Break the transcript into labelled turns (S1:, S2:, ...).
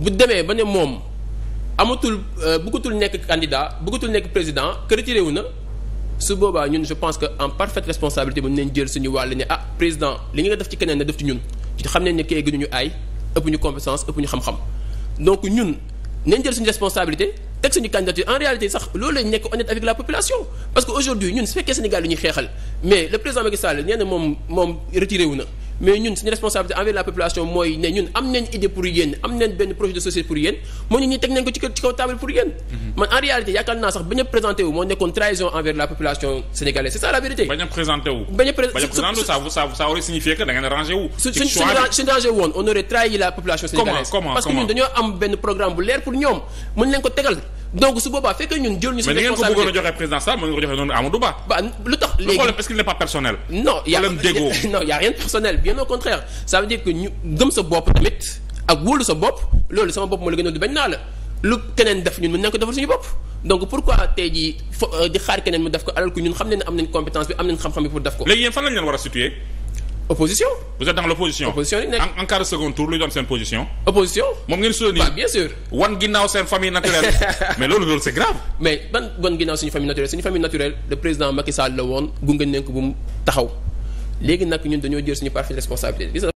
S1: bu demee ba ne moom amatul euh, bëggatul nekk candidat bëggatul nekk président que retiré wu na su boobaa ñun je pense que en parfaite responsabilité bu nañ jël suñu wàll ne ah président li nga def ci keneen na def ci ñun ci xam ne ne kay gënuñu aay ëpp ñu compétence ëpp ñu xam-xam donc ñun nañ jël suñu responsabilité teg suñu candidature en réalité sax loolu lañ nekk honnête avec la population parce que aujourd'hui ñun su fekkee Sénégal lu ñuy xeexal mais le moom moom retiré wu na mais ñun suñu responsabilité envers la population mooy ne ñun am nañ idée pour yéen am nañ benn projet de société pour yéen moo ñu teg nañ ko ci ci pour yéen mhm. man en réalité yaakaar naa sax bañ a présenté wu moo nekkoon trahison envers la population sénégalaise c'est ça la vérité
S2: bañ a présenté wu
S1: bañ a présenté
S2: ça ça aurait signifié que
S1: on aurait trahi la population sénégalaise parce que ñun dañoo am benn programme bu leer pour ñoom mën leen donc su boobaa fekk ñun jël ñu suñu responsabilité mais ni ngeen ko a joxe président Sall mën ngeen ko joxe noonu Amadou Ba. ba lu tax léegi le problème est-ce qu'il n'est pas personnel. non y' a non a rien personnel bien au contraire ça veut que ñu gëm sa bopp tamit ak wóolu sa bopp loolu sama bopp moo la gënoon di bañ naa la lu keneen def ñun mën nañ ko defal suñu bopp. donc pourquoi tey jii fo euh, di xaar keneen mu def ko alors que ñun xam nañ ne am nañ compétence bi am nañ xam-xam bi pour def ko. léegi yéen fan lañ
S2: opposition. vous êtes dans l'opposition opposition en en cas second tour lu doon seen position.
S1: opposition moom ngeen soutenir. waaw bien sûr. wan ginnaaw seen famille naturelle. mais loolu loolu c'est grave. mais ban wan ginnaaw suñu famille naturelle suñu famille naturelle le président Macky la woon gunge nañ bu mu taxaw léegi nag ñun dañoo jël suñu part de responsabilité.